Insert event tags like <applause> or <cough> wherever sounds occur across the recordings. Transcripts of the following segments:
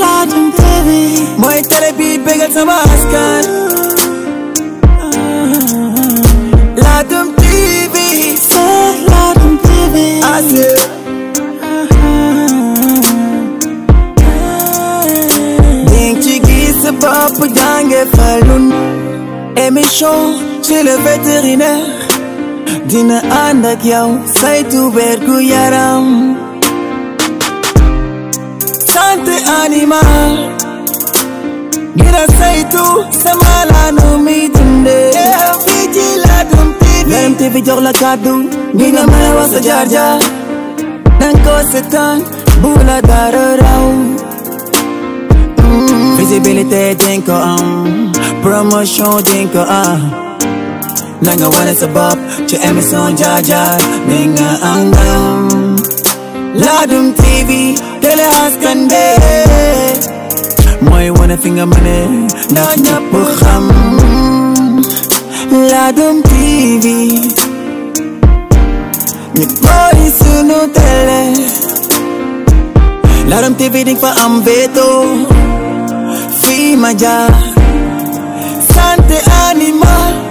Ladoum TV mooy télé bi bégal sama askan Ladoum TV c'est Ladoum TV ding ci gis sa bopp jànge falun émission chez le vétérinaire dina ànd saytu wergu yaram santé animal dina saytu sama laanu mi dundee fii ci Ladoum TV Ladoum la kàddu dina mën a wax sa jaar-jaar danga ko dara raw visibilité dinga am ah. promotion dinga am ah. na nga wane sa bopp ci émission Jaar Jaar ni nga am ndam Ladoum TV télé askan bi mooy wane fi nga mëne ndax ñëpp xam Ladoum TV ñu bari sunu télé Ladoum TV di fa am veto fii santé animal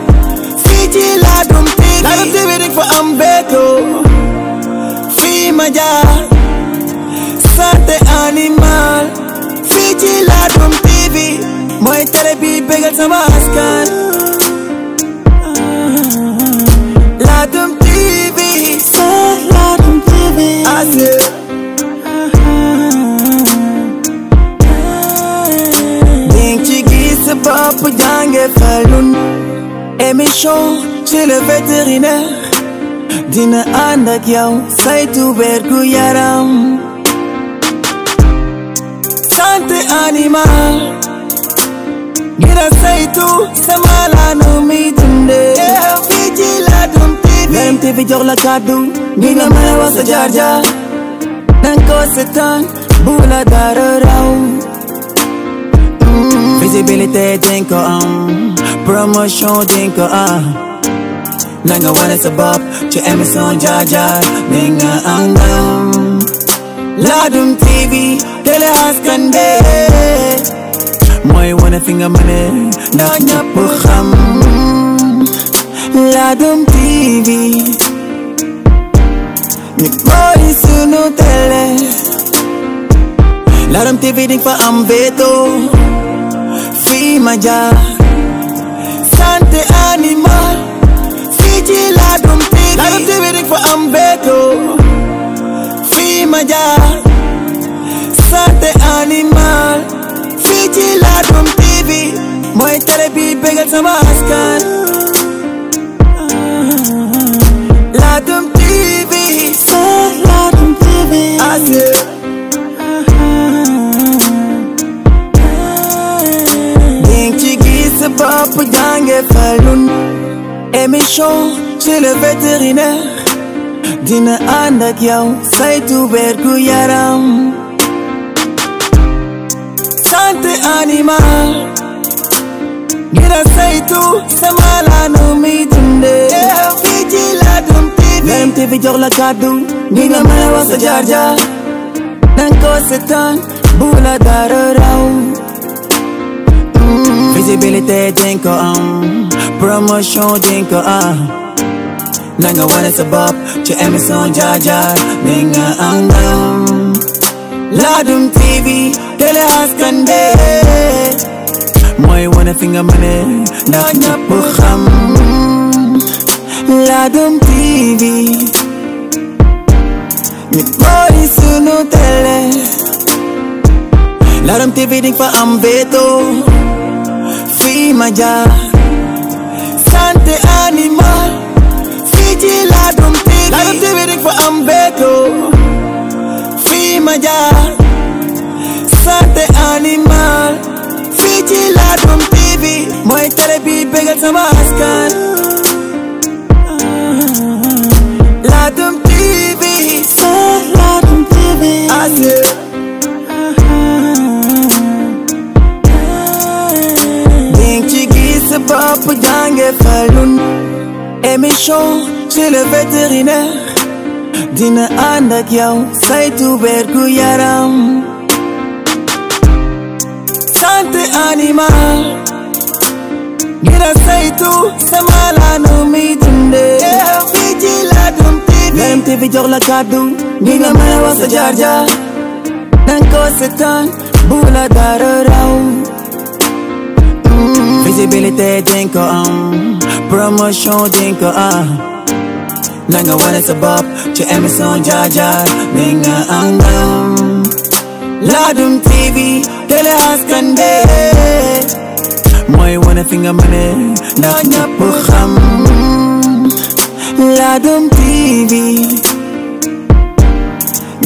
dina ànd ak saytu wergu yaram santé animal ngir saytu sama laanu mi dunde fii ci Ladoum TV Ladoum TV jox la kàddu mi nga mën a jaar jaar nan ko seetaan bu dara raw mm-hmm. visibilité dinga am promotion dinga am nanga wane sa bopp ci émission Jaar Jaar ni nga am ndam Ladoum TV télé askan bi mooy wane fi nga mëne ndax ñëpp xam Ladoum TV ñu koy sunu télé Ladoum TV di fa am veto fii ma jaar animal ci Ladoum TV Ladoum fa am béto ma jaar santé animal fii ci Ladoum TV mooy télé bi bégal sama askan Ladoum TV c'est Ladoum TV Ding ci gis sa bopp jànge fa lu émission chez le vétérinaire dina ànd ak saytu wergu yaram santé animal ngir saytu sama laanu mi dunde fii ci Ladoum TV Ladoum la kàddu ngi nga mën jaar-jaar nan ko seetaan bu la raw mm-hmm. visibilité den am promotion din ko ah nanga wane sa bopp ci émission jaar-jaar ni nga am ndam Ladoum TV télé askan bi mooy wane fi nga mëne ndax ñëpp xam Ladoum TV ñu boori sunu télé Ladoum TV di fa am béto fii ma jaar animal fii ci Ladoum TV Ladoum TV dik fa am béto fii ma jaar santé animal fii ci Ladoum TV mooy télé bi bégal sama askan Ladoum TV sa Ladoum TV Bopp jànge falun émission chez le vétérinaire dina ànd ak saytu wergu yaram santé animal ngir saytu sama laanu mi dunde fii ci Ladoum TV Ladoum TV la kàddu ngi nga mën a wax jaar-jaar nan ko seetaan bu la raw mm-hmm. visibilité dinga am promotion dinga ko ah. am na nga wane sa bopp ci émission jaar-jaar ni nga am ndam Ladoum TV télé askan bi mooy wane fi nga mëne ndax ñëpp xam Ladoum TV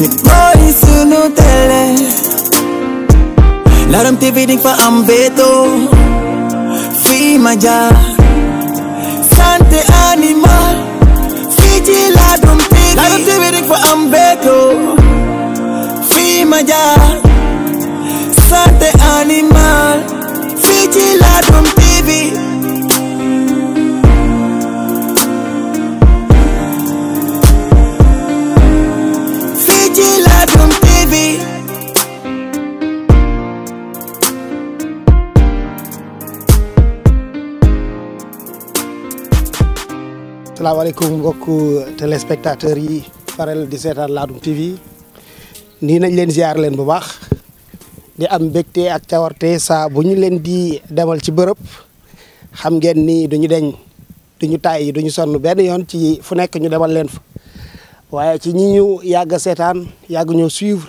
ñu mooy sunu télé Ladoum TV dinga fa am béto fii ma jaar animal fii ci Ladoum um, TV Ladoum TV dik fa am béto fii ma jaar santé animal fii ci Ladoum TV fii ci Ladoum TV asalaamaaleykum mbokk téléspectateurs yi faral di seetaan Ladoum TV nii nañ leen ziar leen bu baax di am mbégte ak cawarte saa bu ñu leen di demal ci bërëb xam ngeen ni duñu deñ ñu taay yi tàyyi duñu sonn benn yoon ci fu nekk ñu demal leen fa waaye ci ñi ñu yàgg seetaan yàgg ñoo suivre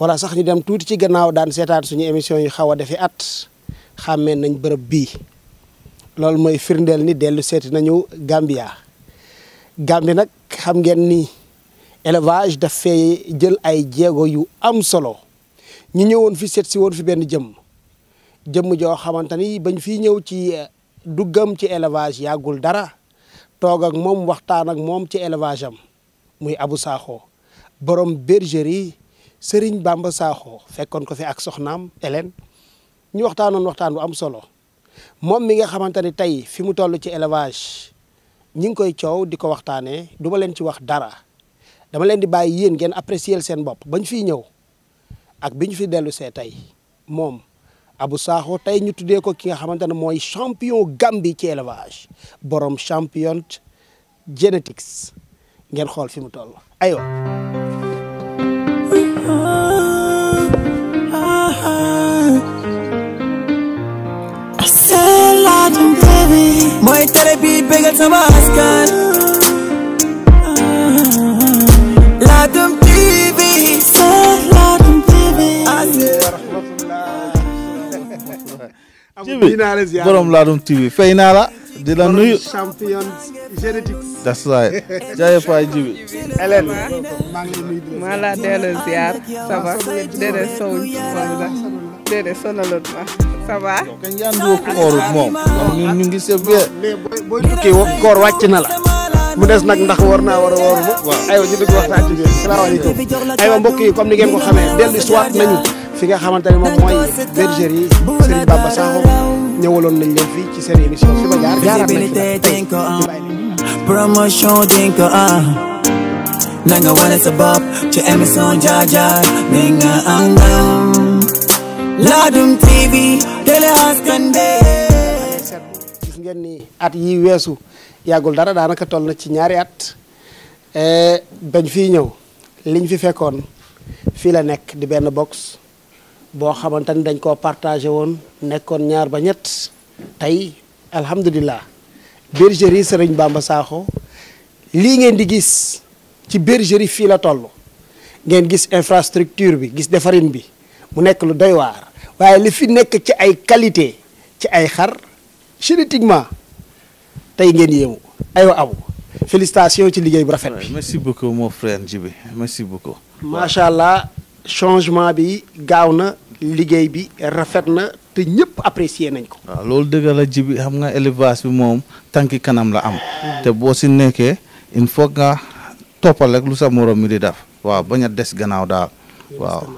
wala sax ñu dem tuuti ci gannaaw daan seetaan suñu émission yu xaw a defi at xàmmee nañ bërëb bii loolu mooy firndeel ni dellu seeti nañu Gambia Gambie nag xam ngeen ni élevage daf fee jël ay jéego yu am solo ñu ñëwoon fi seet si woon fi benn jëmm jëmm joo xamante ni bañ fii ñëw ci eh, duggam ci élevage yàggul dara toog ak moom waxtaan ak moom ci élevage am muy abu Sakho borom bergerie Serigne Bamba Sakho fekkoon ko fi ak soxnaam Hélène ñu waxtaanoon waxtaan bu am solo moom mi nga xamante ni tey fi mu toll ci élevage. ñi ngi koy coow di ko waxtaanee duma leen ci wax dara dama leen di bàyyi yéen ngeen apprécier seen bopp bañ fi ñëw ak bi ñu fi dellu see tey moom abu Sakho tey ñu tuddee ko ki nga xamante ne mooy champion Gambie ci élevage borom champion genetics ngeen xool fi mu toll aywa ci télé Jibi borom Ladoum TV fay naa la di la nuyu champion génétique that's right Jibi Hélène maa maa la delloo ziar ça va déedéet sowul déedéet sonaloon ma ça va. kañ yaa ngi ko oorut moom. ñun ngi sa biir. mais koor wàcc na la. mu des nag ndax war naa war a woor bu. waaw aywa ñu dugg waxtaan ci biir salaamaaleykum. aywa mbokk yi ni ngeen ko xamee dellu soit nañu fi nga xamante ne moom mooy bergerie yi Serigne Baba Sakho ñëwaloon nañ leen fii ci seen émission fi ma jaar jaaraat nañ fi nag promotion dinko ah. na nga wane sa ci émission jaar ni nga am ndam Ladoum TV gis ngeen ni at yi weesu yàggul dara daanaka toll na ci ñaari at eh, bañ fii ñëw liñ fi fekkoon fii la nekk di benn box boo xamante ni dañ koo partagé woon nekkoon ñaar ba ñett tey alhamdulilah bergerie Serigne Bamba Sakho lii ngeen di gis ci bergerie fii la toll ngeen gis infrastructure bi gis defarin bi mu nekk lu doy waar waaye li fi nekk ci ay qualité ci ay xar génétiquement tey ngeen yéemu aywa abu félicitations ci liggéey bu rafet bi. merci beaucoup mon frère Djibi merci beaucoup. macha allah changement bi gaaw na liggéey bi rafet na te ñëpp apprécier nañ ko. waaw loolu dëgg la Djibi xam nga élevage bi moom tànki kanam la am. Mm-hmm. te boo si nekkee il faut nga toppal rek lu sa morom mi di def. waaw bañ des gannaaw daal. waaw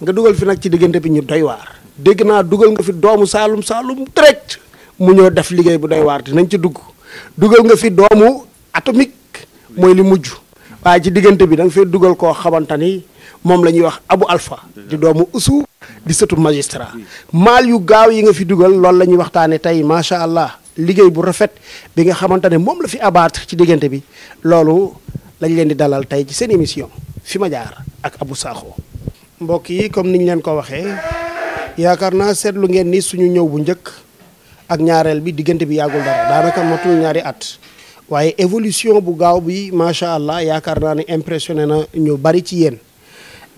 nga dugal fi nag ci diggante bi ñu doy waar dégg naa dugal nga fi doomu Saalum Saalum direct mu ñoo def liggéey bu doy waar dinañ ci dugg dugal nga fi doomu atomique mooy li mujj waaye ci diggante bi da nga dugal koo xamante ni moom la ñuy wax abu alpha di doomu usu di sëtu magistrat maal yu gaaw yi nga fi dugal loolu la ñuy waxtaane tey macha allah liggéey bu rafet bi nga xamante ne moom la fi abattre ci diggante bi loolu lañ leen di dalal tey ci seen émission fi ma jaar ak abu saaxo mbokk yi comme niñ leen ko waxee yaakaar naa seetlu ngeen ni suñu ñëw bu njëkk ak ñaareel bi diggante bi yàggul dara daanaka matul ñaari at waaye évolution bu gaaw bi macha allah yaakaar naa ne impressionné na ñu bari ci yéen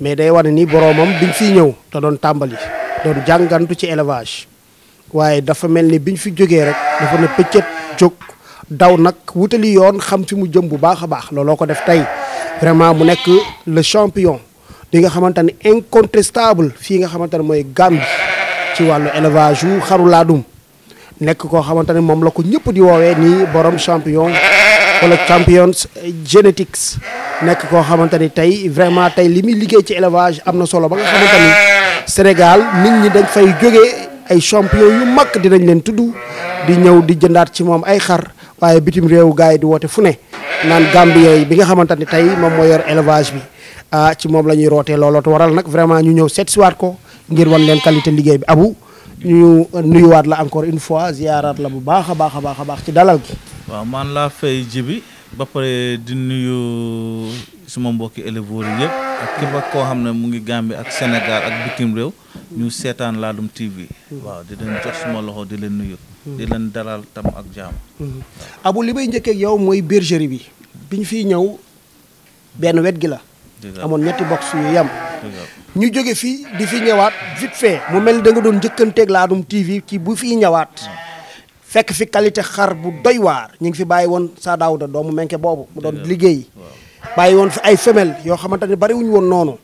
mais day wane ni boroomam biñ fi ñëw te doon tàmbali doon jàngantu ci élevage waaye dafa mel ni biñ fi jógee rek dafa na pëccët jóg daw nag wutali yoon xam fi mu jëm bu baax a baax looloo ko def tey vraiment mu nekk le champion li nga xamante ne incontestable fii nga xamante ne mooy Gambie ci wàllu élevage yu xaru nekk koo xamante ne moom la ko ñëpp di woowee nii borom champion wala champions génétiques nekk koo xamante ni tey vraiment tey li muy liggéey ci élevage am na solo ba nga xamante Sénégal nit ñi dañ fay jógee ay champion yu mag dinañ leen tudd di ñëw di jëndaat ci moom ay xar waaye bitim réew gars yi di woote fu ne naan Gambien yi bi nga xamante ni tey moom moo yor élevage bi. ah ci moom la ñuy rootee looloo te waral nag vraiment ñu ñëw seet waat ko ngir wan leen qualité liggéey bi abu ñu nuyuwaat la encore une fois ziyaaraat la bu baax a baax a baax baax ci dalal gi. waaw man laa fay jibi ba pare di nuyu suma mbokki éleveurs yëpp ak képp koo xam ne mu ngi bi ak Sénégal ak bitim réew ñu seetaan Ladoum TV. waaw di leen jox suma loxo di leen nuyu. di leen dalal tam ak jaam. abu li may njëkkee yow mooy bergerie bi. bi ñu fi ñëw benn wet gi la. amoon ñetti box yu yem ñu jóge fii di fi ñëwaat vite fait mu mel da nga doon njëkkanteeg Ladoum TV ci bu fii ñëwaat fekk fi qualité xar bu doy waar ñu ngi fi bàyyi woon saa daawda doomu menke boobu mu doon liggéey bàyyi woon fi ay femelle yoo xamante ne bariwuñu woon noonu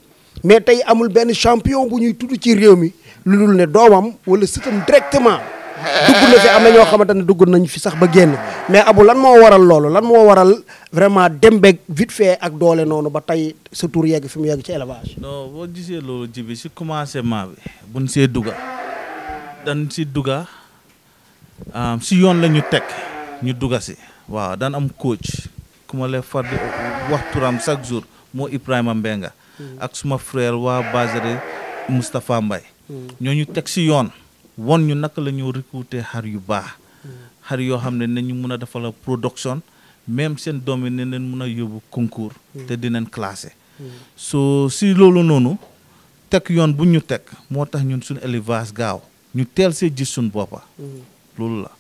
mais tey amul benn champion bu ñuy tudd ci réew mi lu dul ne doomam wala sëtam directement dugg na fi am ñoo xamante ne dugg nañ fi sax ba génn mais abu lan moo waral loolu lan moo waral vraiment dem beg vite fait ak doole noonu ba tey sa tur yegg fi mu yegg ci élevage. non boo gisee loolu ji bi si commencement bi buñ see dugga dan si dugga si yoon la ñu teg ñu dugga si waaw daan am coach ku ma lay far di wax turam chaque jour moo Ibrahima Mbenga. ak suma frère waa Basiré mbay Mbaye hmm. ñooñu teg si yoon. won ñu naka la ñoo recruter xar yu baax mm. xar yoo xam ne nañu mun a dafa la production même seen doom yi ne leen mun a yóbbu concours mm. te dinañ classé mm. so si loolu noonu teg yoon bu ñu teg moo tax ñun suñu élevage gaaw ñu teel see gis suñu boppa loolu la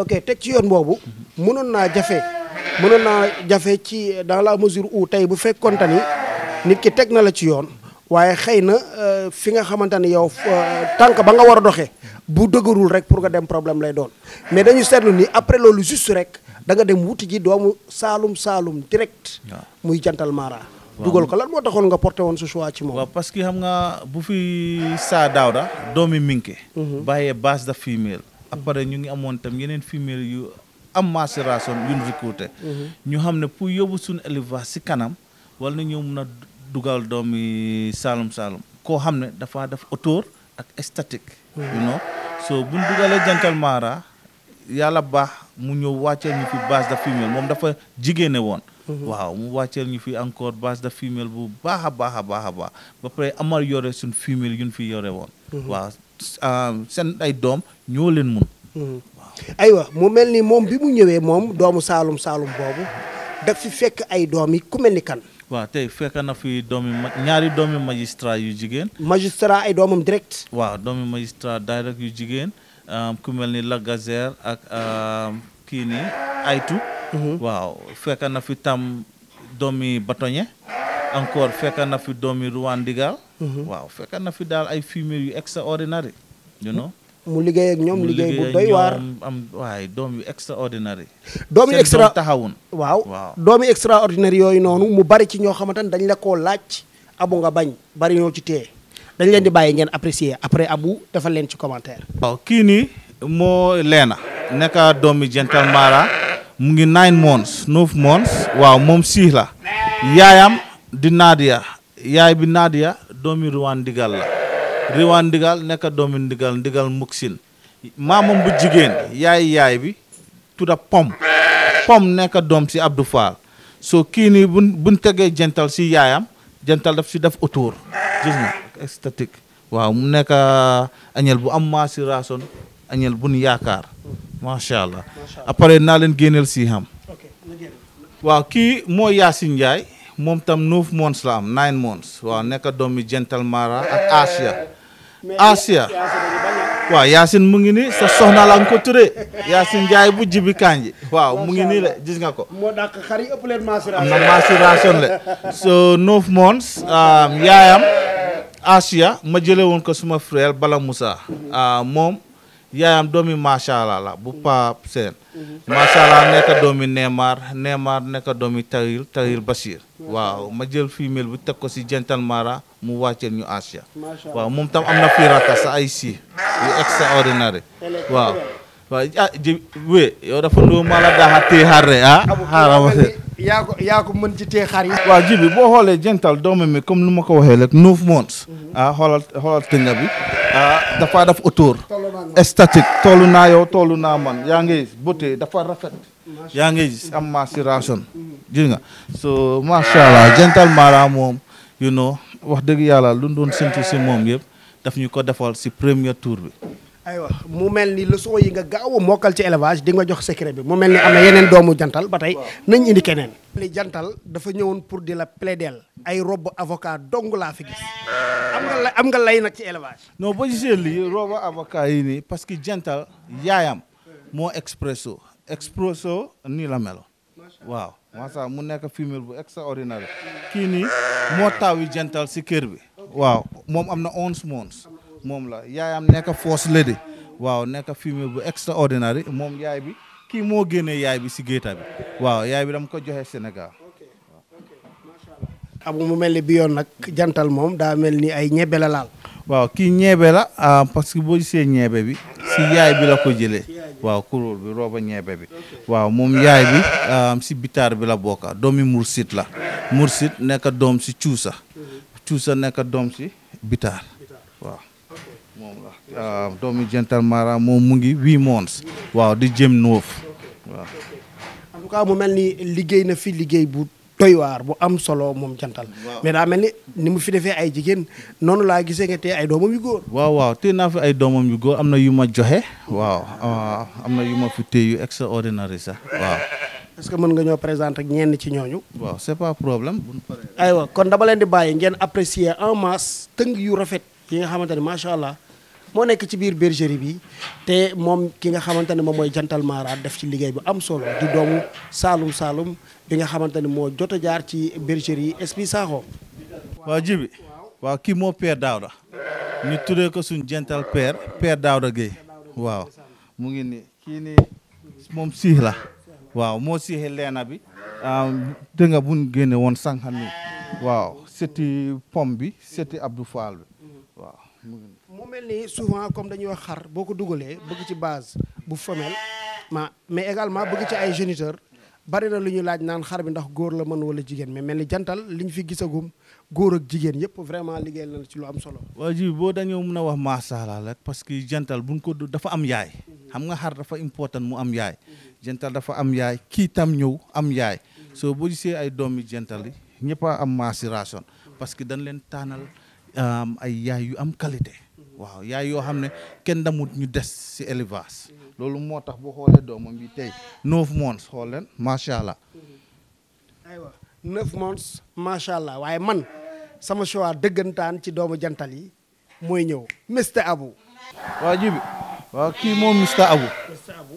ok teg ci yoon boobu mm-hmm. mënoon naa jafe mënoon naa jafe ci dans la mesure où tey bu fekkoonte ni nit ki teg na la ci yoon waaye xëy na euh, fi nga xamante ne yow euh, tànk ba nga war a doxee bu dëgërul rek pour nga dem problème lay doon mais dañu seetlu ni après loolu juste rek danga dem wuti ji doomu saalum saalum direct muy jantal maara dugal ko lan moo taxoon nga porté woon sa choix ci moom waaw parce que xam nga bu fi saa daawda doomi minke mhm. bàyyee base da femelle après ñu ngi amoon tam yeneen femelle yu am macération yu ñu recruté mhm. ñu xam ne pour yóbbu suñu élevage si kanam wala na ñoo mun a dugal doomi Saalum Saalum koo xam ne dafa def autour ak statique you know so buñ dugalee jantal maara yàlla baax mu ñëw wàcceel ñu fi base de femelle moom dafa jigéene woon mm-hmm. waaw mu wàcceel ñu fi encore base de femelle bu baax a baax a baax a baax ba pare amal yore suñ femelle yuñ fi yore woon mm-hmm. waaw ah, seen ay doom ñoo leen mun mm-hmm. aywa mu mel ni moom bi mu ñëwee moom doomu saalum saalum boobu daf fekk ay doom ku mel ni kan waaw tey fekk na fi doomi ñaari doomi magistrat yu jigéen. magistrat ay doomam direct. waaw doomi magistrat direct yu jigéen ku mel ni Lagazer ak kii nii Aytu. Mhm. waaw fekk na fi tam doomi Batoñe. encore fekk na fi doomi Ruwandigal. Mhm. waaw fekk na fi daal ay femmes yu extraordinaire you know mu liggéey ak ñoom liggéey bu doy waar am waaye doom yu extraordinaire doom yu extra taxawun waaw doom yu yooyu noonu mu bari ci ñoo xamante ne dañ la koo laaj abu nga bañ bari ñoo ci téye dañ leen di bàyyi ngeen apprécier après abu defal leen ci commentaire waaw kii nii moo leena nekka doomi jental mara mu ngi nine months neuf months waaw moom sii yaayam di Nadia yaay bi ya doomi Ruwan digal la riwaa ndigal nekk doomi ndigal ndigal muksin maamam bu jigéen yaay yaay bi tudda pom pom nekk doom si Abdou Fall soo kii nii bu buñ tegee jental si yaayam jental daf si def autour gis nga esthétique waaw mu nekk uh, añel bu am maa si raason yaakaar macha allah après naa leen génneel si xam waaw kii mooy Yaasin moom tam neuf months la am nine months waaw nekk doomi jental mara ak Asia Asia waa Yacine mu ngi nii sa soxna ko turee Yacine Ndiaye bu jibi kanji waaw mu ngi nii la gis nga ko. moo dàq la so neuf months um, yaayam Asia ma jëlee woon ko suma frère Bala Moussa uh, moom. yaayam doomi macha allah la bu mm-hmm. Pape Sène mm-hmm. macha allah nekk doomi Neymar Neymar nekk doomi Tahiril Tahiril mm-hmm. waaw ma jël femelle bi teg ko si jantal mara mu wàcceel ñu Asia waaw moom tam am na fii sa ay yu extraordinaire waaw waaw ah boo xoolee jantal doomam mi comme nu ma ko waxee rek neuf months ah tënga bi ah dafa def autour statique toolu naa yow toolu naa man yaa ngi beauté dafa rafet yaa ngi am masturation gis nga so macha allah gental mara moom you know wax dëgg yàlla lu doon séntu si moom yëpp daf ñu ko defal si premier tour bi aywa mu mel ni leçon yi nga gaaw a mokkal ci élevage di nga jox secret bi mu mel ni am na yeneen doomu jantal ba tey nañ indi keneen. li jantal dafa ñëwoon pour di la plaider ay robe avocat dong laa fi gis am nga lay am nga lay nag ci élevage. non boo gisee yi nii parce que jantal yaayam moo expresso expresso nii la melo waaw macha mu nekk femelle bu extraordinaire kii nii moo taawi jantal si kër bi. waaw moom am na onze mois. moom la yaayam nekk force lady waaw nekk fumier bu extraordinaire moom yaay bi kii moo génnee yaay bi si géeta bi waaw yaay bi dama ko joxe senegaal abu mu mel ni bi nag jantal moom daa mel ni ay ñebe la laal. waaw kii ñebe la ah, parce que boo gisee ñebe bi si yaay bi la ko jële waaw kuréel bi rooba ñebe bi waaw moom yaay bi ah, si bitaar bi la bokka doomi mursit la mursit nekk doom si cuusa mhm. cuusa nekk doom si bitaar waaw Ah, doomu jantal mara moom mu ngi huit months waaw di jëm noof waaw. en tout mu mel ni liggéey na fi liggéey bu doy bu am solo moom jantal. mais daa mel ni ni mu fi defee ay jigéen noonu laa gisee nga tey ay doomam yu góor. waaw waaw tey naa fi ay doomam yu góor am na yu ma joxe. waaw ah, am na yu ma fi téye yu sax waaw. est que mën nga ñoo présenter ak ci ñooñu. waaw c'est pas problème. aywa kon dama leen di bàyyi ngeen apprécier en masse tëng yu rafet yi nga xamante ne macha allah. moo nekk ci biir bergerie bi te moom ki nga xamante ne moom mooy jantal maara def ci liggéey bu am solo di doomu Saalum Saalum bi nga xamante ne moo jot a jaar ci bergerie Esprit Sakho. waaw jibi waaw kii moo Père Daouda ñu tuddee ko suñu jantal Père Père Daouda Guèye waaw mu ngi nii kii nii moom siix la waaw moo siixee leena bi dégg nga bu ñu génne woon sànq nii waaw sëti pom bi sëti Abdou Fall bi. moo mel ni souvent comme dañuy wax xar boo ko dugalee bëgg ci base bu femelle ma mais également bëgg ci ay géniteurs bari na lu ñu laaj naan xar bi ndax góor la mën wala jigéen mais mel ni jantal li ñu fi gisagum góor ak jigéen yëpp vraiment liggéey na ci lu am solo. waa ji boo dañoo mun a wax maasala rek parce que jantal buñ ko du dafa am yaay. xam nga xar dafa important mu am yaay. jantal dafa am yaay kii tam ñëw am yaay. soo boo gisee ay doomi jantal yi ñëpp am maasi parce que dañ leen tànnal ay yaay yu am qualité. waaw yaay yoo xam ne kenn damut ñu des si élevage loolu moo tax boo xoolee doomam bi tey neuf months xool leen macha allah. Mm-hmm. aywa macha allah waaye man sama choix dëggantaan ci doomu jantal yi mooy ñëw Mr Abou. waaw jibi waaw kii moom Mr Abou.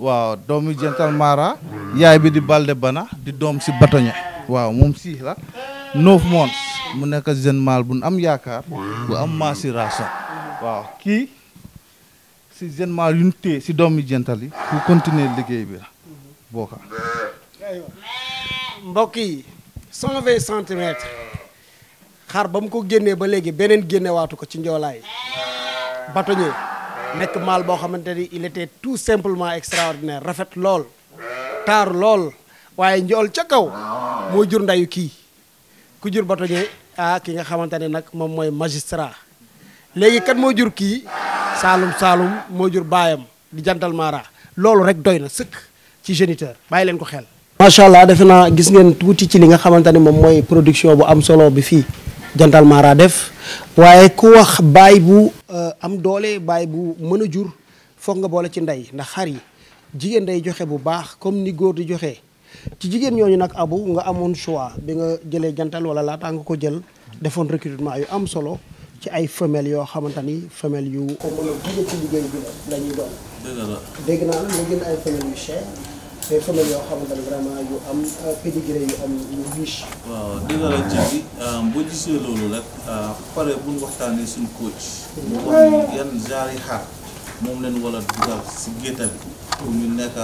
waaw doomu jantal Mara. yaay bi di Balde Bana di doom si Batoña. waaw moom si la neuf mu nekk jeune mâle bu am yaakaar bu am maturation. waaw kii si jeune maar yu ñu téye si doomi jental yi pour continuer liggéey bi la booka mbokk yi cent vingt xar ba mu ko génnee ba léegi beneen génnewaatu ko ci njoolaay batoñe nekk maal boo xamante ni il était tout simplement extraordinaire rafet lool taaru lool waaye njool ca kaw moo jur ndayu kii ku jur batoñe ah ki nga xamante ne nag moom mooy magistrat léegi kat moo jur kii saalum saalum moo jur baayam di jantal maara loolu rek doy na sëkk ci géniteur bàyyi leen ko xel. macha allah defe naa gis ngeen tuuti ci li nga xamante ni moom mooy production bu am solo bi fii jantal maara def waaye ku wax baay bu euh, am doole baay bu mën a jur foog nga boole ci ndey ndax xar yi jigéen day joxe bu baax comme ni góor di joxe ci jigéen ñooñu nag abu nga amoon choix bi nga jëlee jantal wala laata nga ko jël defoon recrutement yu am solo. ci ay femelles yoo xamante ni femelles yu. mën la ñuy doon. dégg naa la ñu gën ay femelles yu cher mais femelles yoo xamante ni vraiment yu am euh, pédigré yu am yu riche. waaw dëgg la ci bi euh, boo gisee loolu rek euh, pare bu ñu waxtaanee suñu coach. mu wax yan genre yi xaar moom leen wala dugal si gétta bi pour ñu nekk.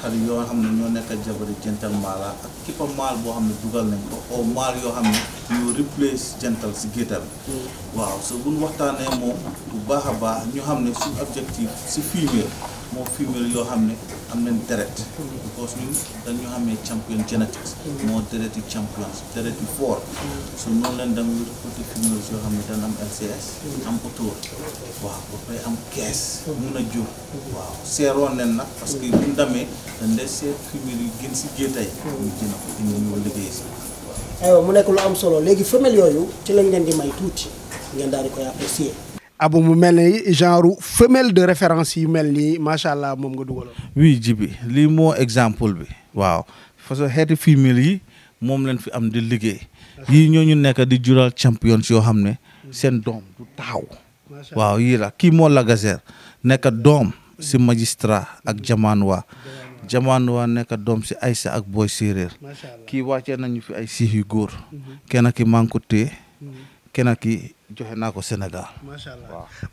xar yoo xam ne ñoo nekk jabari jantal maal ak képp maal boo xam ne dugal nañ ko oo maal yoo xam ne ñoo replace jantal si géttal mm. waaw so buñ waxtaanee moom bu baax a baax ñu xam ne suñ objectif si fumier moo fumier yoo xam ne am nañ deret mm. because ñun dañu amee champion genetics moo dereti champions dereti foor so noonu leen dam ñu recruté yoo xam ne dañ am LCS am autour waaw ba pare am kees mun a jur waaw seeroon leen nag parce que buñ demee dañ dee seet femelles yi gën si géetay ñu jën a ko indi ñoo liggéey si aywa mu nekk lu am solo léegi femelles yooyu ci lañ leen di may tuuti ngeen daal di koy apprécier abu mu mel ni genre femelle de référence yi mel nii macha allah moom nga dugaloon. oui jibi lii moo exemple bi waaw parce que xeeti yi moom lañ fi am di liggéey. yii ñoo ñu nekk di jural champions yoo xam ne. seen doom du taxaw waaw yii la kii moo Lagazer nekk doom si magistra ak jamaan waa jamaan waa nekk doom si Aïssa ak Boy Séeréer kii wàccee nañu fi ay siix yu góor. Mhm. kenn ki maa ngi mhm. ki joxe naa ko Sénégal.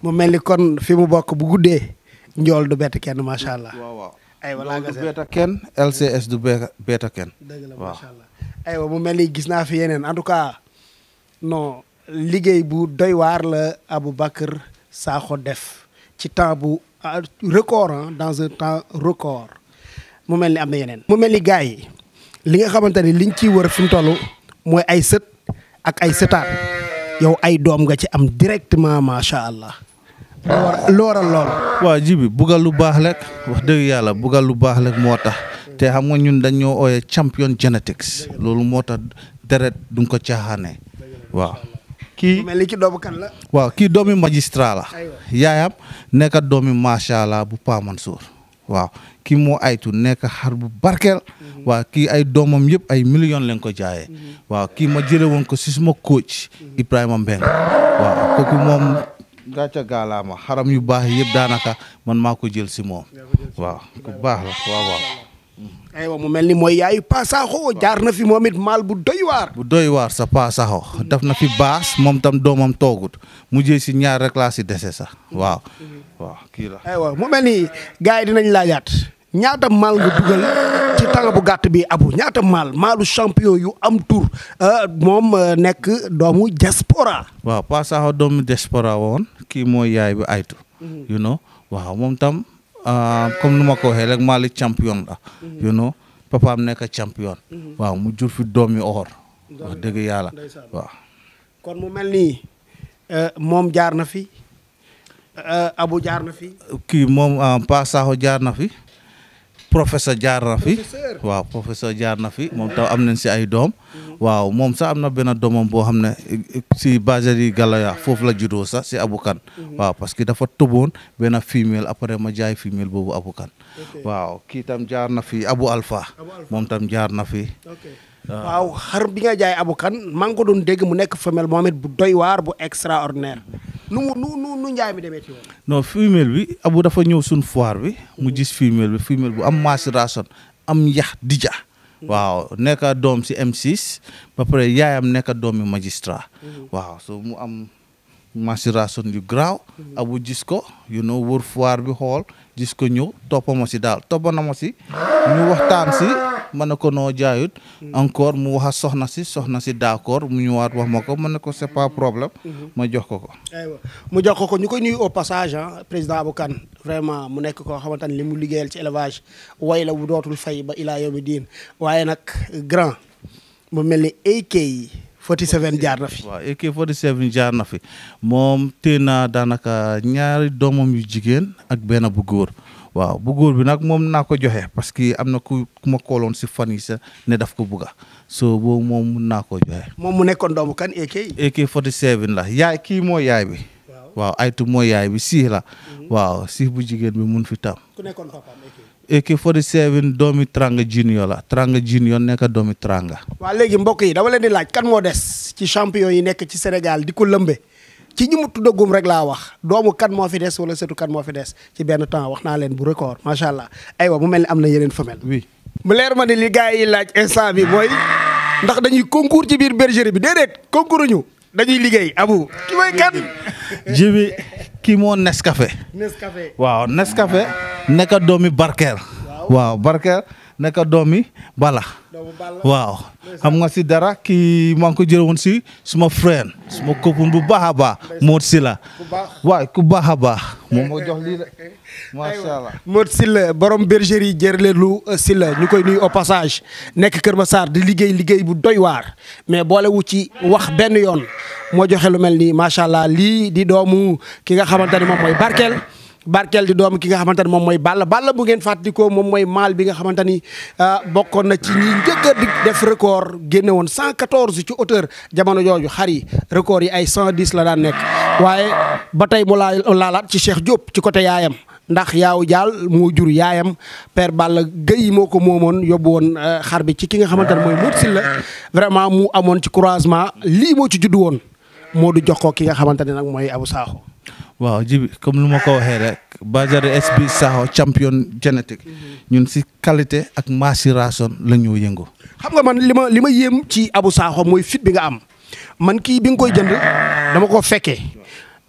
mu mel ni kon fi mu bokk bu guddee. njool du bett kenn macha allah. waaw du bett kenn LCS du bett kenn. dëgg la mu mel ni gis naa fi yeneen en tout cas non liggéey bu doy waar la Aboubacar Sakho def ci temps bu ah, record ah dans un temps record mu mel ni am na yeneen. mu mel ni gars yi li nga xamante ni liñ ciy wër fi mu mooy ay sët ak ay sëtaat. yow ay doom nga ci am directement macha allah. looral lool. waaw ji bi lu baax rek wax dëgg yàlla bugal lu baax rek moo tax te xam nga ñun dañ ñoo ooyee champion genetics loolu moo tax deret duñ ko caaxaanee waaw. kii mel ni ki doomu kan la. waaw kii doomi magistrat la. yaayam nekkat doomi macha allah bu Pa Mansour waaw kii moo aytu nekk xar bu barkeel mhm. waaw kii ay doomam yëpp ay millions lañ ko jaayee mhm. waaw kii ma jële woon ko si suma coach mhm. Ibrahima Mbengue waaw kooku moom gàcca gaalaama xaram yu baax yëpp daanaka man maa ko jël si moom waaw ku baax la Mm. aywa mu mel ni mooy yaayu Paasaxo jaar na fi moom it maal bu doy waar. bu doy waar sa Paasaxo daf na fi baas moom tam doomam toogut mujjee si ñaar rek laa si dese sax waaw. kii la aywa mu mel ni gars yi dinañ laajaat ñaata maal nga dugal ci tànga bu gàtt bii abu ñaata maal maalu champion yu am tur euh, moom euh, nekk doomu diaspora. waaw Paasaxo doomu diaspora woon kii mooy yaay bi aytu. Mm-hmm. you know waaw moom tam. Euh, comme nu ma ko waxee rek Malick champion la mhm. you know papaam nekk champion mhm. waaw mu jur fi doomi oor wax dëgg yàlla waaw kon mu mel nii euh, moom jaar na fi euh, Abu jaar na fi kii moom Pa Sakho jaar na fi professeur jaar na fi waaw professeur jaar na fi moom taw am nañ si ay doom waaw moom sax am na benn doomam boo xam ne si Bazary Galaya foofu la juddoo sax si abu kan mhm. waaw parce que dafa tëboon benn femelle après ma jaay femelle boobu abu kan waaw kii tam jaar na fi Abu Alpha moom tam jaar na fi waaw xar bi nga jaay Abukan maa ngi ko doon dégg mu nekk femelle moom it bu doy waar bu extraordinaire nu mu bi abu dafa ñëw suñ foire bi mu jis femelle bi femelle bu am maas am yax dija waaw nekka doom si m ba pare yaayam nekka doomi magistrat mhm. waaw so mu am macération yu graaw mhm. abu gis ko you know wër foire bi xool gis ko ñëw toppama si daal toppana ma si ñu waxtaan si man na ko noo jaayut mm-hmm. encore mu wax a soxna si soxna si d'accord mu ñëwaat wax ma ko man na ko c'est pas problème mm-hmm. ma jox ko ko mu jox ko ko ñu ko nuyu au passage président Abou Kane vraiment mu nekk koo xamante ne li mu liggéeyal ci élevage wayla wu dootul fay ba ilaa yawmi diin waaye nag grand mu mel ni AK yi 47 jaar na fi waaw AK jaar na fi moom téye naa daanaka ñaari doomam yu jigéen ak benn bu góor waaw bu góor bi nag moom naa ko joxe parce que am na ku ma kooloon si fan yi sa ne daf ko bugga so boobu moom mun naa ko joxe. moom mu nekkoon doomu kan AK. AK 47 la yaay kii moo bi. waaw aytu mooy bi sii la. Mhm. waaw sii bu jigéen bi mun fi tam. ku nekkoon papaam AK 47 doomi Tranga junior la Tranga junior nekk doomi Tranga. waa léegi mbokk yi dama leen di laaj kan moo des ci champion yi nekk ci Sénégal di ko lëmbe. ci ñu mu tuddagum rek laa wax doomu kan moo fi des wala setu kan moo fi des ci benn temps wax naa leen bu record macha allah aywa mu mel ni am na yeneen femelle. oui mu leer ma ne li gars yi laaj instant bi mooy ndax dañuy concours ci biir bergerie bi déedéet concours ñu dañuy liggéey abu ki mooy kan. ji bi kii moo Nescafé. Nescafé waaw nes Nescafé. nekk doomi barkeer. waaw barkeer. naka doomi bala waaw xam nga si dara kii maa ngi ko jëlee si suma friend suma copine bu baax a baax Moot Sila waaye ku baax a baax moom moo jox lii de <laughs> macha allah. Moot Sila borom bergerie Jërëleelu euh, Sila ñu koy nuyu au nekk Kër ma Massar di liggéey liggéey bu doy waar mais boolewu ci wax benn yoon moo joxe lu mel nii macha allah lii di doomu ki nga xamante ne moom mooy barkeel. barkeel di doom ki nga xamante ni moom mooy Balla Balla bu ngeen fàttalikoo moom mooy maal bi nga xamante ni euh, bokkoon na ci ñi njëkk di def record génne woon 114 ci hauteur jamono jooju xar yi record yi ay 110 la daan nekk waaye ba tey mu laa laalaat ci Cheikh Diop ci côté yaayam ndax yaaw jaal moo jur yaayam père Balla Gaye moo ko moomoon yóbbu woon euh, xar bi ci ki nga xamante ne mooy Modou Sylla vraiment mu amoon ci croisement lii moo ci juddu woon moo du jox ko ki nga xamante ne nag mooy Abou Sakho waaw jibi comme lu ma ko waxee rek Badara SB Sakho champion génétique mhm. ñun si qualité ak macération la ñu yëngu. xam nga man li ma li ma yéem ci abu Sakho mooy fit bi nga am man kii bi nga koy jënd dama koo fekkee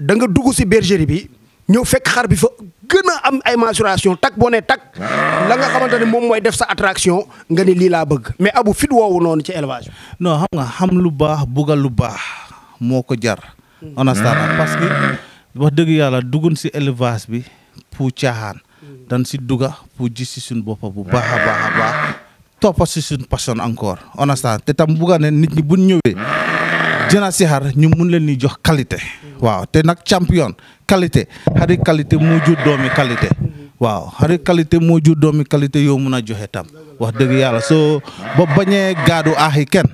da nga dugg si bergerie bi ñëw fekk xar bi fa gën am ay macération tak boo nee tak la nga xamante moom mooy def sa attraction nga ni lii laa bëgg mais abu fit woowu noonu ci élevage. non xam nga xam lu baax buggal lu baax moo ko jar. Mm. on parce wax dëgg yàlla duggun si élevage bi pour caaxaan mm. dan si dugga pour gis si sun boppa bu baax a baax a baax toppa si suñ personne encore honnêtement te tam bugga ne nit ñi buñ ñëwee jëna si xar ñu mun leen di jox qualité mm. waaw te nag champion qualité xari qualité moo doomi qualité waaw xarit qualité moo jur doomi qualité yow mun a joxe tam wax dëgg yàlla soo ba bañee gaadu aaxi kenn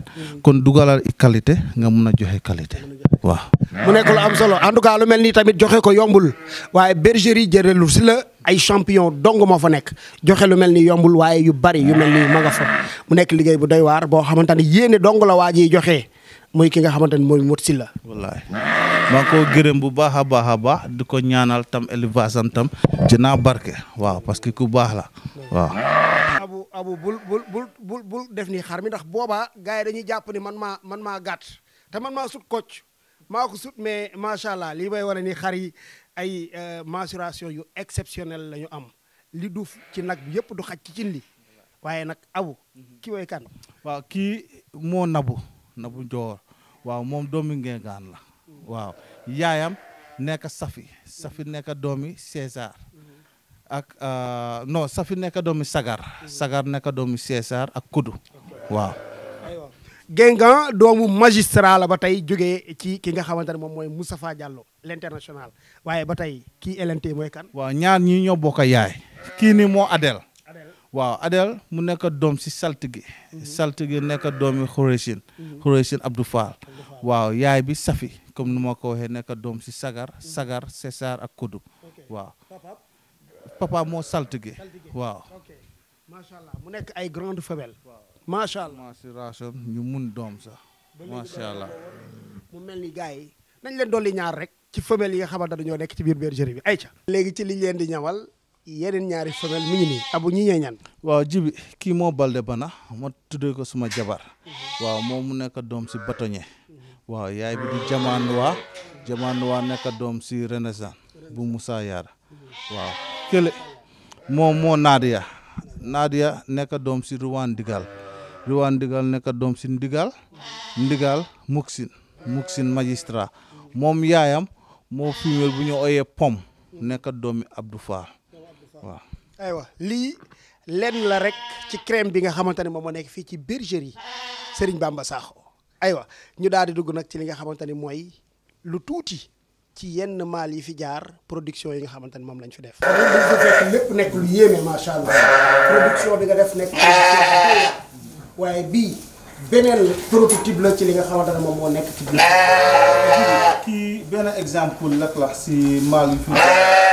kon dugalal i qualité nga mun a joxe qualité waaw. mu nekk lu am solo en tout cas lu mel nii tamit joxe ko yombul waaye bergerie lu si la ay champion dong moo fa nekk joxe lu mel ni yombul waaye yu bari yu mel nii ma nga fa mu nekk liggéey bu day waar boo xamante ne yéene dong la waa jiy joxe muy ki nga xamante ne mooy mot si la. wallaahi. maa ngi koo gërëm bu baax a baax a baax di ko ñaanal tam élevage am tam dinaa barke waaw parce que ku baax la waaw. abu bul bul bul bul def ni xar mi ndax boobaa gars yi dañuy jàpp ni man maa man maa gàtt te man maa sut kocc maa sut mais macha allah lii bay wane ni xar yi ay euh, mensuration yu exceptionnel lañu am li duuf ci nag bi yëpp du xaj ci cin li waaye nag abu ki way kan waaw kii moo nabu nabu njoor waaw moom doomi ngengaan la waaw yaayam nekka Safi Safi nekk doomi César ak euh, no Safi nekk doomi Sagar Sagar nekk doomi César ak Kudu waaw. Genga doomu magistrat la ba tey jóge ci ki nga xamante ne moom mooy Moustapha Diallo waaye ba tey kii LNT mooy kan. waaw ñaar ñi ñoo bokk yaay. kii ni moo Adel. waaw Adel mu nekk doom si salt gi mhm. salt gi nekk doomi Khoureychine mhm. Khoureychine Abdou Fall waaw yaay bi Safi comme nu ma ko waxee nekk doom si Sagar mhm. Sagar César ak Kodu waaw papa moo saltige waaw macha mu nekk ay grande femelle macha allah mensuration ñu doom sax macha allah mu mel ni gars yi nañ leen dool dolli ñaar rek ci femelle yi nga xamante ñoo nekk ci biir bergerie bi ay ayca léegi ci liñ leen di ñamal yeneen ñaari femelle mi ngi nii abu ñi ñee waaw jibi kii moo balde bana ma tuddee ko suma jabar mhm. waaw moom mu doom si batoñe waaw yaay bi di jamaan waa jamaan waa nekk doom si renaissance bu Moussa Yaara waaw kële moom moo Nadia Nadia nekk doom si ruwaan ndigal ruwaan ndigal nekk doom si ndigal ndigal muksin muksin magistrat moom yaayam moo fumiel bu ñu oyee pom nekk doomi Abdou Fall waaw aywa lii lenn la rek ci crème bi nga xamante ne moom moo nekk fii ci bergerie Serigne Bamba Sakho aywa ñu daal di dugg nag ci li nga xamante ni mooy lu tuuti ci yenn maal yi fi jaar production yi nga xamante ni moom lañ fi def. lépp bi nga waaye bii beneen prototype la ci li nga xamante moom moo nekk ci biir. kii benn exemple la wax si maal yi fi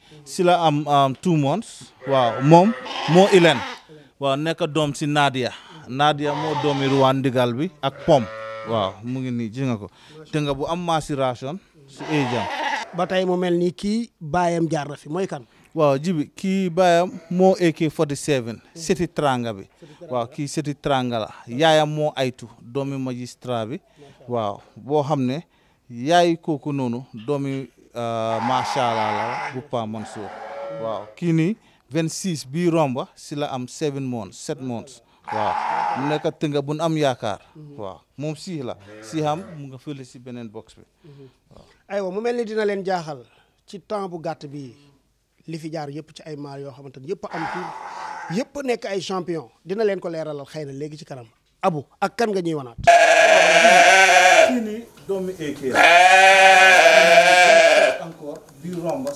si la am two months waaw moom moo ileen waaw nekk doom si Nadia Nadia moo doomi ruwaan bi ak pom waaw mu ngi nii gis ko te bu am maturation si agam ba tey mu mel ni kii baayam jaar na fi mooy kan waaw jibi kii baayam moo ak seti tranga bi waaw kii seti tranga la yaayam moo aytu doomi magistrat bi waaw boo xam ne yaay kooku noonu doomi Euh, macha allah la bu Pa Mansour waaw kii nii 26 bii romba si la am 7 months 7 months waaw mu nekk tënga bu nu am yaakaar. waaw moom sii la sii xam mu nga fële si beneen box bi. waaw aywa mu mel ni dina leen jaaxal ci temps bu gàtt bi li fi jaar yëpp ci ay maar yoo xamante ni yëpp am fi yëpp nekk ay champion dina leen ko leeral xëy na léegi ci kanam. abu ak kan nga ñuy wanaat. <laughs> kii nii doomu Eke la. <laughs> bi romb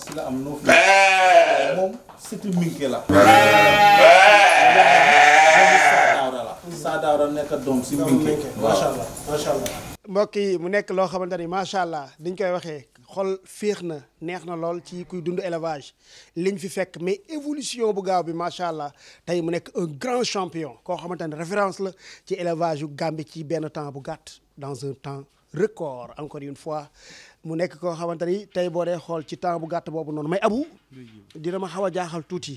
yi mu nekk loo xamante ni macha allah dañ koy waxee xol féex na neex na lool ci kuy dund élevage liñ fi fekk mais évolution bu gaaw bi macha allah tey mu nekk un grand champion koo xamante ne référence la ci élevage yu Gambie ci benn temps bu gàtt dans un temps record encore une fois mu nekk koo xamante ni tey boo dee xool ci temps bu gàtt boobu noonu may abu dina ma xaw a jaaxal tuuti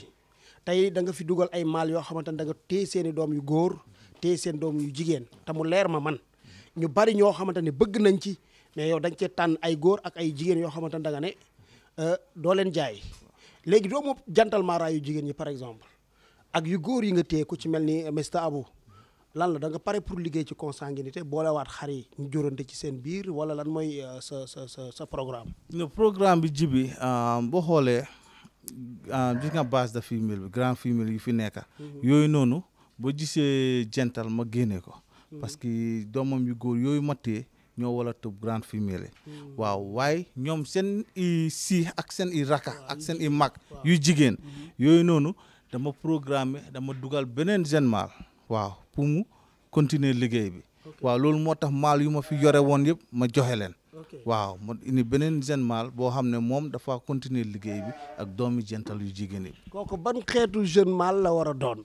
tey da nga fi dugal ay maal yoo xamante ni da nga téye seen doom yu góor téye seen doom yu jigéen te mu leer ma man ñu bari ñoo xamante ni bëgg nañ ci mais yow dañ nga cee tànn ay góor ak ay jigéen yoo xamante ni da nga ne euh, doo leen jaay léegi doo moom jantal maaraayu jigéen ñi par exemple ak yu góor yi nga téye ku ci mel ni Mr Abou lan la da nga pare pour liggéey ci consanguinité boolewaat xar yi ñu jurante ci seen biir wala lan mooy euh, sa sa sa sa programme. le programme bi jibi euh, boo xoolee euh, gis nga base de femelle bi grand femelle yu fi nekk. Mhm. yooyu noonu boo gisee jental ma génne ko. Mhm. parce que doomam yu góor yooyu ma téye ñoo wala tëb grand femelle yi mhm. waaw waaye ñoom seen i si ak seen i raka ak seen i mag yu jigéen yooyu noonu dama programme dama dugal beneen jeune waaw. pour mu continuer liggéey bi waaw loolu moo tax maal yu ma fi yore woon yëpp ma joxe leen waaw ma indi beneen jeune maal boo xam ne moom dafa continuer liggéey bi ak doomi jental yu jigéen yi kooku ban xeetu jeune maal la war a doon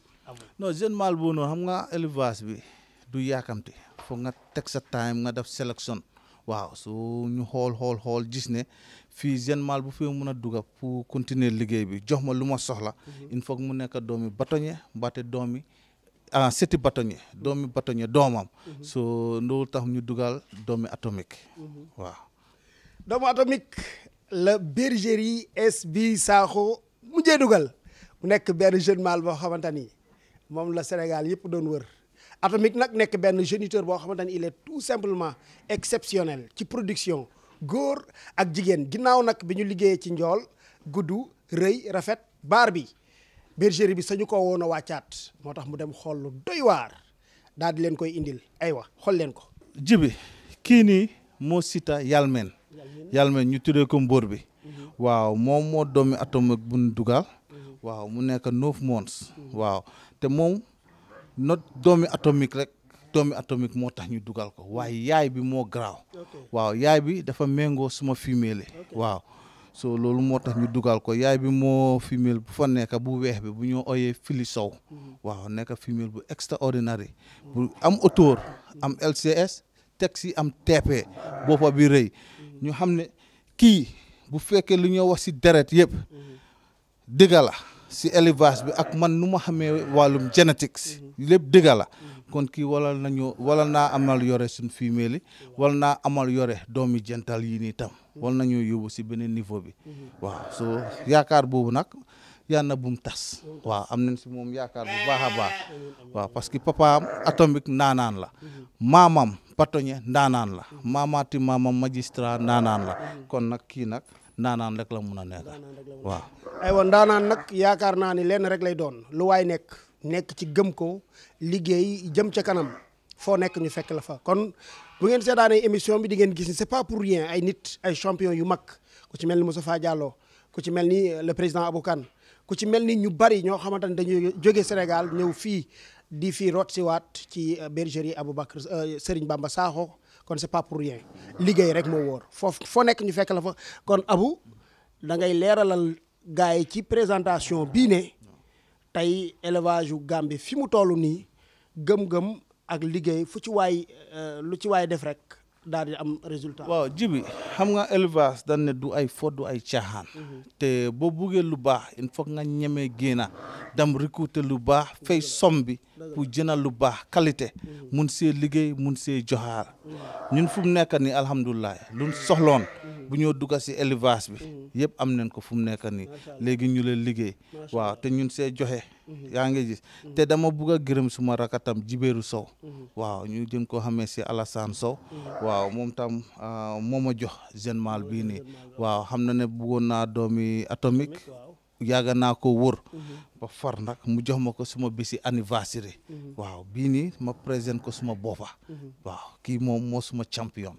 non jeune maal boo noonu xam nga élevage bi du yaakamte foog nga teg sa time nga def sélection waaw su ñu xool xool xool gis ne fii jeune mâle bu fi mun a dugg fu continuer liggéey bi jox ma lu ma soxla mhm. il faut que mu nekk doomi bâtonnier mbaate doomi ah seti bâtonnier doomi bâtonnier doomam so loolu tax ñu dugal doomi atomique mhm. waaw doomu atomique la bergerie SB mu mujjee dugal mu nekk benn jeune boo xamante ni moom la Sénégal yëpp doon wër nag nekk benn géniteur boo xamante ni il est tout simplement exceptionnel ci production góor ak jigéen ginnaaw nag bi ñu liggéeyee ci njool guddu rëy rafet baar bi bergerie bi sañu ko woon a wàccaat moo tax mu dem xool lu doy waar daal di leen koy indil aywa xol leen ko. jibi kii nii moo sita yalmeen yalmeen ñu tuddee ko mbóor bi mhm. waaw moom moo doomi atomique bu nu dugal mhm. waaw mu nekk neuf months waaw te moom not doomi atomique rek doomi atomique moo tax ñu dugal ko waaye yaay bi moo garaaw waaw yaay bi dafa méngoo suma fumier li waaw. so loolu moo tax ñu dugal ko yaay bi moo femelle bu fa nekk bu weex bi bu ñoo oyee fili sow mm-hmm. waaw nekk femelle bu extraordinaire bu am auteur am LCS teg si am TP boppa bi rëy mm-hmm. ñu xam ne kii bu fekkee lu ñoo wax si deret yëpp mm-hmm. dëgga si élevage bi ak man nu ma xamee wàllum génétique lépp dëgga la kon kii walal nañu walal naa amal yore suñ fumier li wal naa amal yore doomi jental yi nii tam wal nañu yóbbu si beneen niveau bi waaw soo yaakaar boobu nag yàlla na bum tas waaw am nañ si moom yaakaar bu baax a baax waaw parce que papaam atomique naanaan la maamam patoñe ndaanaan la maamaati maamam magistrat naanaan la kon nag kii nag naanaan rek la mun a nekk waaw aywa ndaanaan nag yaakaar naa ni rek lay doon lu waay nekk nekk ci gëm ko liggéey jëm ca kanam foo nekk ñu fekk la fa kon bu ngeen seetaanee émission bi di ngeen gis ni c'est pas pour rien ay nit yu mag ku ci mel ni Moustapha Diallo ku ci mel ni euh, le président Abou Kane ku ci mel ni ñu bari ñoo xamante ne dañuy jóge Sénégal ñëw fii di fii root si waat ci euh, bergerie Aboubacar euh, Serigne Bamba Sakho kon c'est pour rien liggéey rek moo wóor foofu foo nekk ñu fekk la fa kon Abou da ngay leeralal gars yi ci présentation bii ne tey élevage yu Gambie fi mu toll nii gëm-gëm ak liggéey fu ci waay eh, lu ci waay def rek daal di am résultat. waaw jibi xam nga élevage dañ du ay fo du ay caaxaan. Mhm. te boo buggee lu baax il faut nga ñemee génna dem recruter lu baax fay som bi. pour jënal lu baax qualité mun si liggéey mun see joxaar ñun fu mu nekk nii alhamdulilah luñ soxloon bu ñoo dugga si élevage bi yëpp am nañ ko fu mu nekk nii léegi ñu leen liggéey waaw te ñun see joxe yaa ngi gis te dama bugg a gërëm suma rakatam Jibéeru Sow waaw ñu jëm koo xamee si Alassane Sow waaw moom tam ah, moo ma jox jeune mâle bii waaw xam na ne buggoon naa doomi atomique yàgg naa ko wër. Mhm. ba nag mu jox ma ko suma bisi anniversaire. Mhm. waaw bii nii ma présent ko suma boppa mhm. kii moom moo suma champion.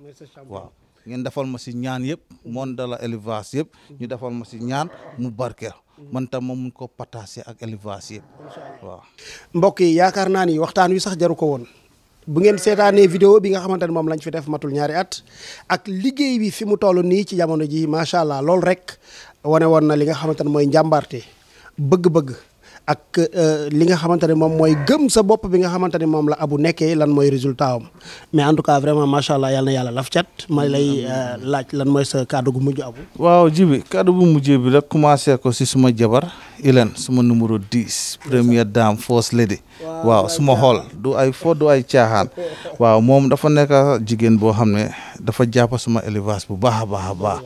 waaw ngeen defal ma si ñaan yëpp. moon dala élevage yëpp. ñu defal ma si ñaan mu barkeel. man tam ma mun ko pataase ak élevage yëpp. waaw. mbokk yi yaakaar naa ni waxtaan wi sax jaru ko woon. bu ngeen seetaanee vidéo bi nga xamante ne moom lañ fi def matul ñaari at ak liggéey bi fi mu toll nii ci jamono ji macha allah loolu rek wane woon na li nga xamante ne mooy njàmbaarte bëgg-bëgg ak euh, li nga xamante ne moom mooy gëm sa bopp bi nga xamante ne moom la abu nekkee lan mooy résultat am mais en tout cas vraiment macha allah yal na yàlla laf cat ma lay euh, laaj lan mooy sa kàddu gu mujj abu waaw jibi kàddu bu mujjee bi la commencé ko si suma jabar Hélène suma numéro 10 première dame first lady waaw suma xool du ay fo du ay caaxaan waaw moom dafa nekk jigéen boo xam ne dafa jàpp suma élevage bu baax a baax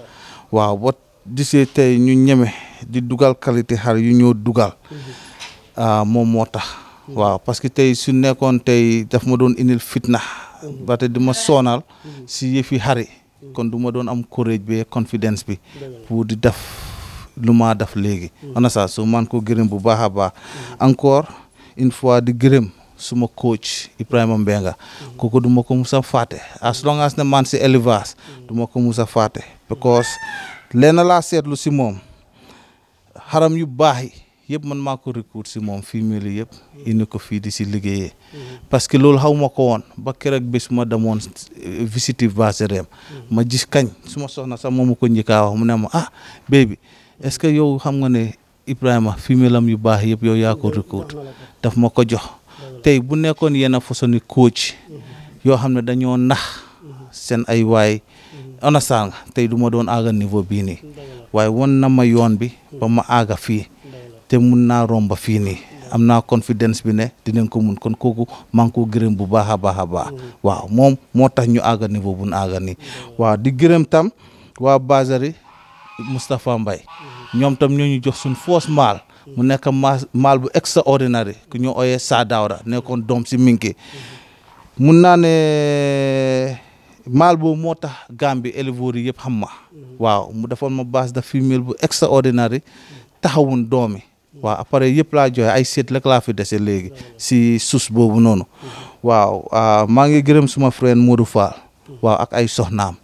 a baax di see tey ñu ñeme di dugal qualité xar yu ñoo dugal mm-hmm. ah, moom moo tax mm-hmm. waaw parce que tey su nekkoon tey daf ma doon indil fitna mm-hmm. ba tey di ma soonal si yëfi xari kon du ma doon am courage bi confidence bi pour di def lu maa def léegi ana sa su man ko gërëm bu baax a baax encore une fois di gërëm suma coach Ibrahima Mbenga kooku du ma ko mus a fàtte as long as ne man si élevage du ko mus a because lenn laa seetlu si moom xaram yu baax yi yëpp man maa ko si moom fii mii la yëpp indi ko fii di si liggéeyee mm-hmm. parce que loolu xaw ma ko woon ba keroog bés suma demoon eh, visiter base reem mm-hmm. ma gis kañ suma ma soxna sax moom ma ko njëkkaa wax mu ne ma ah baby est-ce que yow xam nga ne Ibrahima fii yu baax yëpp yow yaa ko mm-hmm. recours daf ma ko jox tey bu nekkoon yenn façon ni yoo xam ne dañoo nax seen ay waay understand nga tey du ma doon àgga niveau bii nii waaye won na ma yoon bi ba ma àgga fii te mun naa romba fii nii am naa confidence bi ne dinañ ko mun kon kooku maa ngi koo gërëm bu baax a baax a baax mhm. waaw moom moo tax ñu àgga niveau bu ñu àgga nii waaw di gërëm tam waa Bazary Moustapha mbay mhm. ñoom tam ñoo ñu jox suñ foos maal mhm. mu nekk maal bu extraordinaire ku ñu ooyee Saa Daawda nekkoon doom si minki mun naa maal boobu moo tax Gambie éleveurs yi yëpp xam ma waaw mu defoon ma base de femelle bu extraordinaire taxawun doomi waaw après yëpp laa joxe ay seet lak laa fi dese léegi si suus boobu noonu waaw ah, maa ngi gërëm suma frère Modou Fall waaw ak ay soxnaam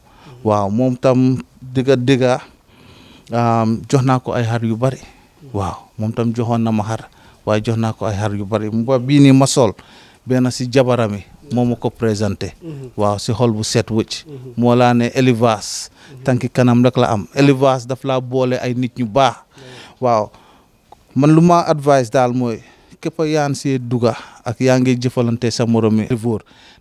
waaw moom tam dëgga dëgga jox naa ko ay xar yu bari waaw moom tam joxoon na ma xar waaye jox naa ko ay xar yu bari ba bii ma sol benn si jabarami moo ma ko présenté mhm. waaw si xol bu set wëcc mhm. moo laa ne élevage mhm. tànki kanam rek la am ah. élevage daf la boole ay nit ñu baax ah. waaw man lu ma advice daal mooy képp yaan see duga ak yaa ngi jëfalante sa morom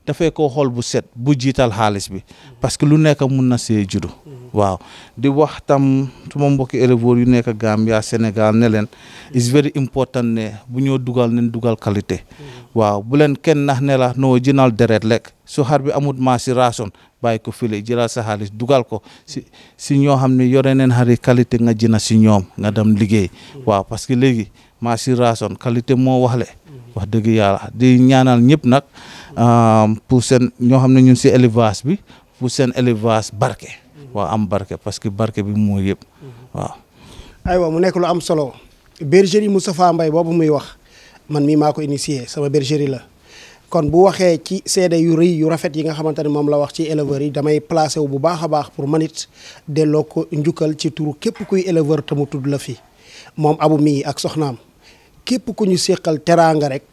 dafay ko xool bu set bu jiital xaalis bi parce que lu nekk mun na see judd. waaw di wax tam suma mbokki éleveurs yu nekk Gambia Sénégal ne leen is very important ne bu ñoo dugal nañ dugal qualité. waaw bu leen kenn nax ne la noo jënal deret lekk su xar bi amut maa si raason bàyyi ko file jëlal sa xaalis dugal ko si si ñoo xam ne yore neen xari qualité nga jëna si ñoom nga dem liggéey. waaw parce que léegi maa si raason qualité moo wax le wax dëgg yàlla di ñaa ñëpp nag. Um, pour seen ñoo xam ne ñun si élevage bi pour seen élevage barke waaw am barke parce que barke bi mooy yëpp waaw aywa mu nekk lu am solo bergerie Moustapha Mbaye boobu muy wax man mii maa ko initié sama bergerie la kon bu waxee ci seede yu rëy yu rafet yi nga xamante ne moom la wax ci éleveurs yi damay placé wu bu baax a baax pour man it delloo ko njukkal ci turu képp kuy éleveur te mu tudd la fi moom abu mii ak soxnaam képp ku ñu séqal teraanga rek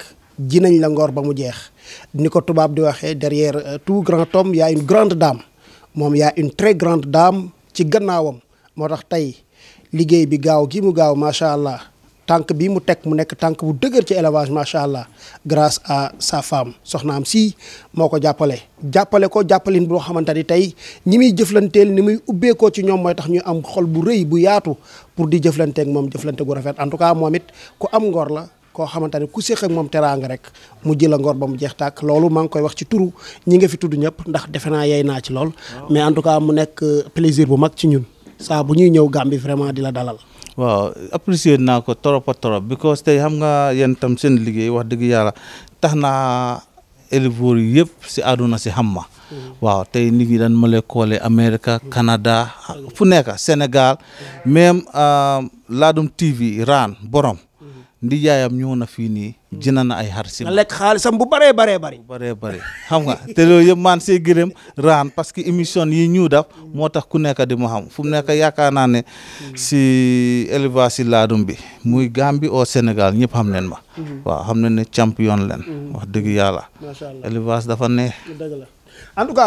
ji nañ la ngor ba mu jeex ni ko tubaab di waxee derrière euh, tout grand homme y a une grande dame moom yaa une très grande dame ci gannaawam moo tax tey liggéey bi gaaw gi mu gaaw macha allah tànk bi mu teg mu nekk tànk bu dëgër ci élevage macha allah grâce à sa femme soxnaam si moo ko jàppale. jàppale ko jàppalin boo xamante ni tey ñi muy jëflanteel ni muy ubbeekoo ci ñoom mooy tax ñu am xol bu rëy bu yaatu pour di jëflanteek moom jëflante gu rafet en tout cas moom it ku am ngor la. koo xamante ne ku séq ak moom teraanga rek mu jëla ngor ba mu jeex tàkk loolu maa ngi koy wax ci turu ñi nga fi tudd ñëpp ndax defe naa yey naa ci lool mais en tout cas mu nekk euh, plaisir bu mag ci ñun saa bu ñuy ñëw Gambie vraiment di la dalal waaw apprécier naa ko trop trop because tey xam nga yéen tam seen liggéey wax dëgg yàlla tax naa éleveurs yëpp si àdduna si xam ma mm. waaw tey nit ñi dañ ma leen koole Amérique mm. Canada fu nekk Sénégal même euh, Ladoum TV Raan Borom ndijaayam ñëw na fii nii ay xar si ma lekk xaalisam bu bëree bëree bëri bu bëree bëri xam nga te loolu maan see gërëm raan parce que émission yi ñu daf moo tax ku nekk di ma xam fu mu nekk yaakaar naa ne si élevage si laadum bi muy bi o Sénégal ñëpp xam leen ma mhm. waaw xam nañ ne champion leen mhm. wax dëgg yàlla élevage dafa neex dëgg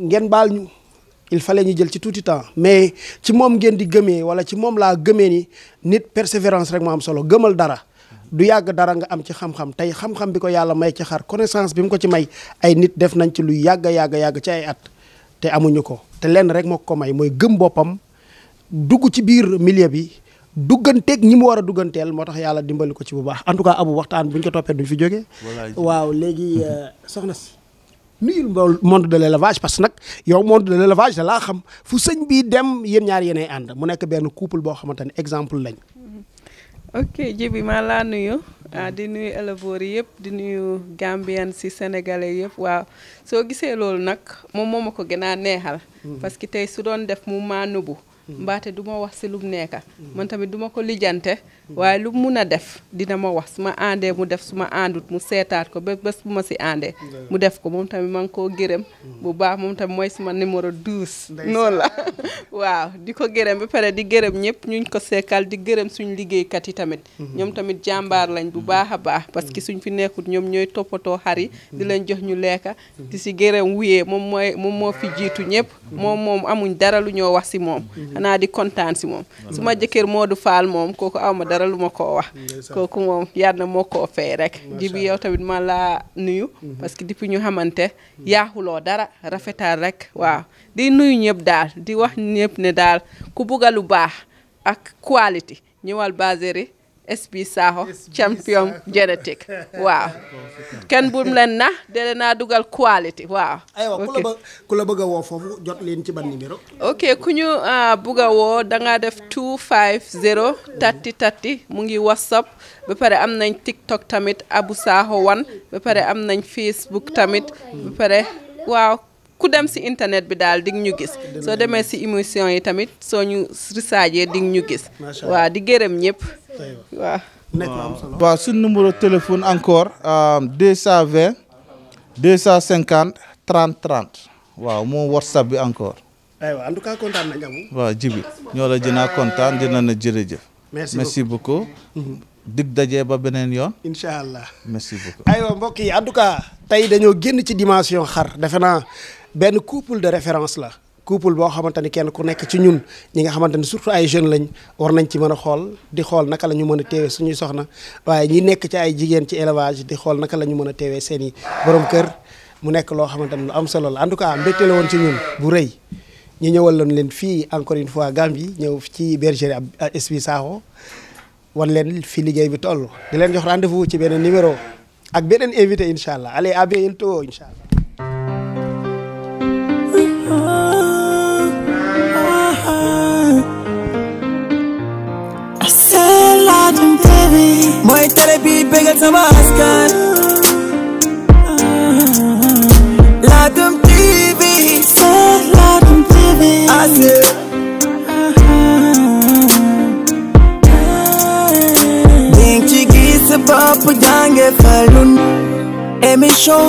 ngeen baal ñu il fallait ñu jël ci tuuti temps mais ci moom ngeen di gëmee wala ci moom laa gëmee ni nit persévérance rek moo am solo gëmal dara du yàgg dara nga am ci xam-xam tey xam-xam bi ko yàlla may ci xar connaissance bi mu ko ci may ay nit def nañ ci lu yàgg yàgg yàgg ci ay at te amuñu ko te lenn rek moo ko may mooy gëm boppam dugg ci biir millier bi dugganteeg ñi mu war a dugganteel moo tax yàlla dimbali ko ci bu baax en tout cas abu waxtaan buñ ko toppee du fi jógee waaw léegi euh, soxna si nuyul monde de l'élevage parce que nag yow monde de l'élevage da laa xam fu sëñ bi dem yéen ñaar yéenay ànd mu nekk benn couple boo xamante ne exemple lañ. Mm-hmm. ok Djiby maa laa nuyu ah, di nuyu éleveurs yëpp di nuyu Gambien si sénégalais yëpp waaw soo gisee loolu nag moom moom ma ko gën a neexal. Mm-hmm. parce que tey su doon def mu maa nubu. Mm-hmm. mbaate du ma wax si lum nekka man tamit du ma ko lijjante. waaye lu mun a def dina ma wax su ma àndee mu def su ma àndut mu seetaat ko ba bés ma si àndee mu def ko moom tamit maa ngi koo gërëm bu baax moom tamit mooy suma numéro 12 noonu la <laughs> waaw di ko gërëm ba pare di gërëm ñëpp ñuñ ko sekkal di gërëm suñ liggéeykat yi tamit mhm. ñoom tamit jàmbaar lañ bu mhm. baax a baax parce que mhm. suñ fi nekkut ñoom ñooy toppatoo xar yi di jox ñu lekka di si gërëm wuyee moom mooy moom moo fi jiitu ñëpp moom moom amuñ dara lu ñoo wax si moom xanaa di kontaan si moom su ma jëkkër Modou Fall moom kooku awma dara lu ma koo wax kooku moom yàlla na moo koo fay rek jibi yow tamit ma laa nuyu mhm. parce que depuis ñu xamante mhm. yaaxuloo dara rafetal rek waaw di nuyu ñëpp daal di wax ñëpp ne daal ku bugga lu baax ak qualité ñëwal Baseri SB Sakho champion genetic <laughs> waaw kenn bu leen na dele naa dugal quality waaw. aywa ku la bëgg a woo foofu jot leen ci ban numéro. ok ku ñu ah, bëgg a da ngaa def 250 30 30 mu ngi whatsapp ba pare am nañ TikTok tamit Abu Sakho wan ba pare am nañ Facebook tamit ba pare waaw. ku dem si internet bi daal di ñu gis soo demee si émission yi tamit soo ñu risaajee di ñu gis waaw di gërëm ñëpp waaw. waaw suñ téléphone encore 220 250 30 30 waaw moo whatsapp bi encore. aywa en tout cas kontaan waaw jibi ñoo la dinaa kontaan dina na jërëjëf. merci beaucoup merci beaucoup. Mhm. dig daje ba beneen yoon. incha allah merci beaucoup. aywa mbokk yi en tout cas tey dañoo génn ci dimension xar defe naa benn couple de référence la. couple boo xamante ni kenn ku nekk ci ñun ñi nga xamante ni surtout ay jeunes lañ war nañ ci mën a xool di xool naka la ñu mën a teewee suñuy soxna waaye ñi nekk ci ay jigéen ci élevage di xool naka la ñu mën a teewee seeni i borom kër mu nekk loo xamante ni lu am solo la en tout cas mbégte la woon ci ñun bu rëy ñu ñëwaloon leen fii encore une fois Gambie ñëw ci bergerie ab euh, SB Sakho wan leen fi liggéey bi toll di leen jox rendez-vous ci beneen numéro ak beneen invité incha allah allez à bientôt incha mooy télé bi bégal sama askan Ladoum TV c'est Ladoum TV askan ni nga ci gis sa bopp jànge falun émission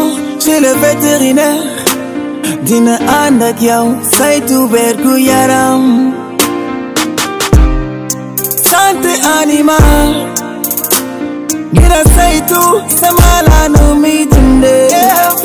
chez le vétérinaire dina ànd ak yow saytu wergu yaram animal ngir a saytu sama laa nu muy dundee